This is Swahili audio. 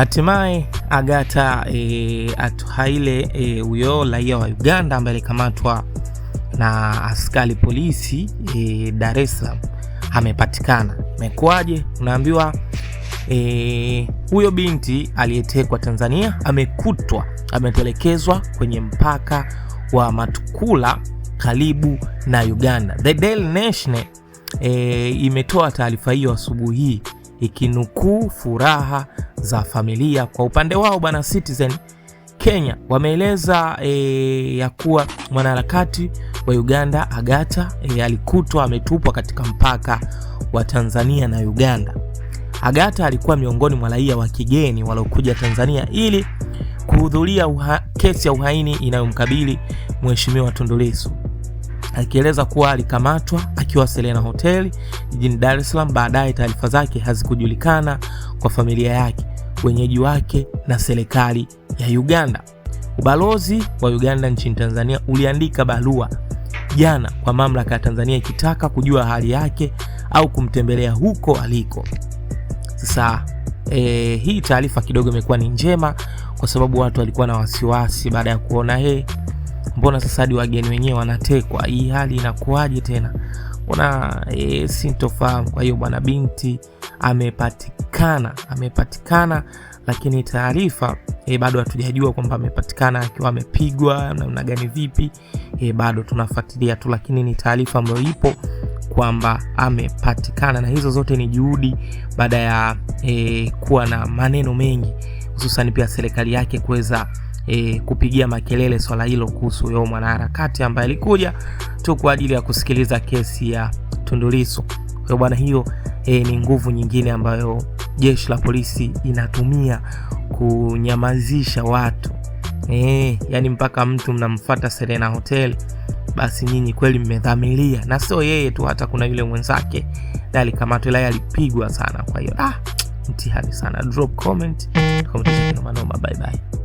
Hatimaye agata e, Atuhaire e, huyo raia wa Uganda ambaye alikamatwa na askari polisi e, Dar es Salaam amepatikana. Imekuwaje? Unaambiwa e, huyo binti aliyetekwa Tanzania amekutwa ametelekezwa kwenye mpaka wa Matukula karibu na Uganda. The Daily Nation e, imetoa taarifa hiyo asubuhi hii ikinukuu furaha za familia. Kwa upande wao bwana Citizen Kenya wameeleza e, ya kuwa mwanaharakati wa Uganda Agata e, eh, alikutwa ametupwa katika mpaka wa Tanzania na Uganda. Agata alikuwa miongoni mwa raia wa kigeni waliokuja Tanzania ili kuhudhuria kesi ya uhaini inayomkabili Mheshimiwa Tundu Lissu, akieleza kuwa alikamatwa akiwa Serena Hotel jijini Dar es Salaam. Baadaye taarifa zake hazikujulikana kwa familia yake wenyeji wake na serikali ya Uganda. Ubalozi wa Uganda nchini Tanzania uliandika barua jana kwa mamlaka ya Tanzania ikitaka kujua hali yake au kumtembelea huko aliko. Sasa e, hii taarifa kidogo imekuwa ni njema kwa sababu watu walikuwa na wasiwasi baada ya kuona he, mbona sasa hadi wageni wenyewe wanatekwa, hii hali inakuwaje tena? Ona e, eh, sintofahamu. Kwa hiyo bwana binti amepati amepatikana amepatikana, lakini taarifa e, bado hatujajua kwamba amepatikana akiwa amepigwa namna gani, vipi e, bado tunafuatilia tu, lakini ni taarifa ambayo ipo kwamba amepatikana, na hizo zote ni juhudi baada ya e, kuwa na maneno mengi, hususan pia serikali yake kuweza E, kupigia makelele swala hilo kuhusu huyo mwanaharakati ambaye alikuja tu kwa ajili ya kusikiliza kesi ya Tundu Lissu. Kwa bwana hiyo e, ni nguvu nyingine ambayo jeshi la polisi inatumia kunyamazisha watu eh, yani mpaka mtu mnamfata Serena Hotel, basi nyinyi kweli mmedhamiria. Na sio yeye tu, hata kuna yule mwenzake na alikamatwa, ila alipigwa sana. Kwa hiyo ah, mtihani sana. Drop comment, comment Bye bye.